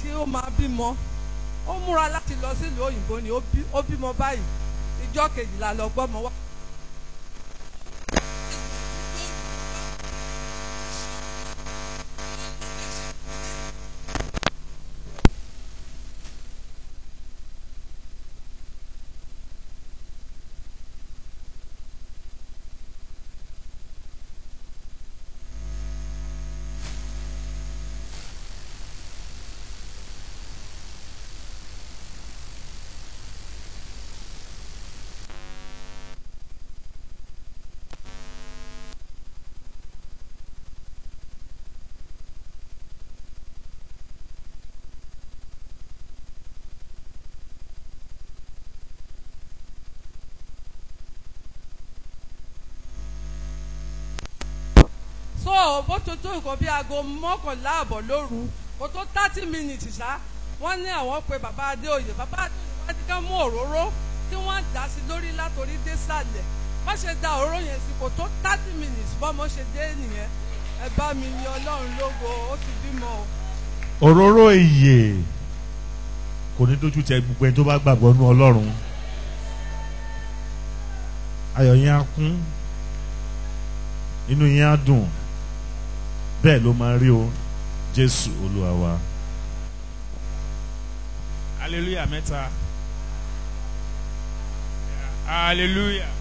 tí ó máa bímọ ó múra láti lọ sílùú òyìnbó ni ó bímọ báyìí ìjọ kejìlá lọ gbọ́mọ wá. so bó tó tó nǹkan bí aago mọ́kànlá àbọ̀ lóru kó tó thirty minutes ṣá wọ́n ní àwọn pe bàbá Adéoyè bàbá Adéoyè wọ́n ti ká mú òróró tí wọ́n dà sí lórí látòrí dé sàlẹ̀ wọ́n ṣe da òróró yẹn sí kó tó thirty minutes bọ́mọ ṣe dé nìyẹn ẹ bá mi ní Ọlọ́run lógo ó ti bímọ o. òróró ìyè kò ní dójú tẹ gbogbo ẹni tó bá gbàgbọ́ nú Ọlọ́run ayọ̀ yẹn á kún inú yẹn á dùn bẹ́ẹ̀ ló máa rí o jésù olúwa wa. hallelujah mẹ́ta hallelujah.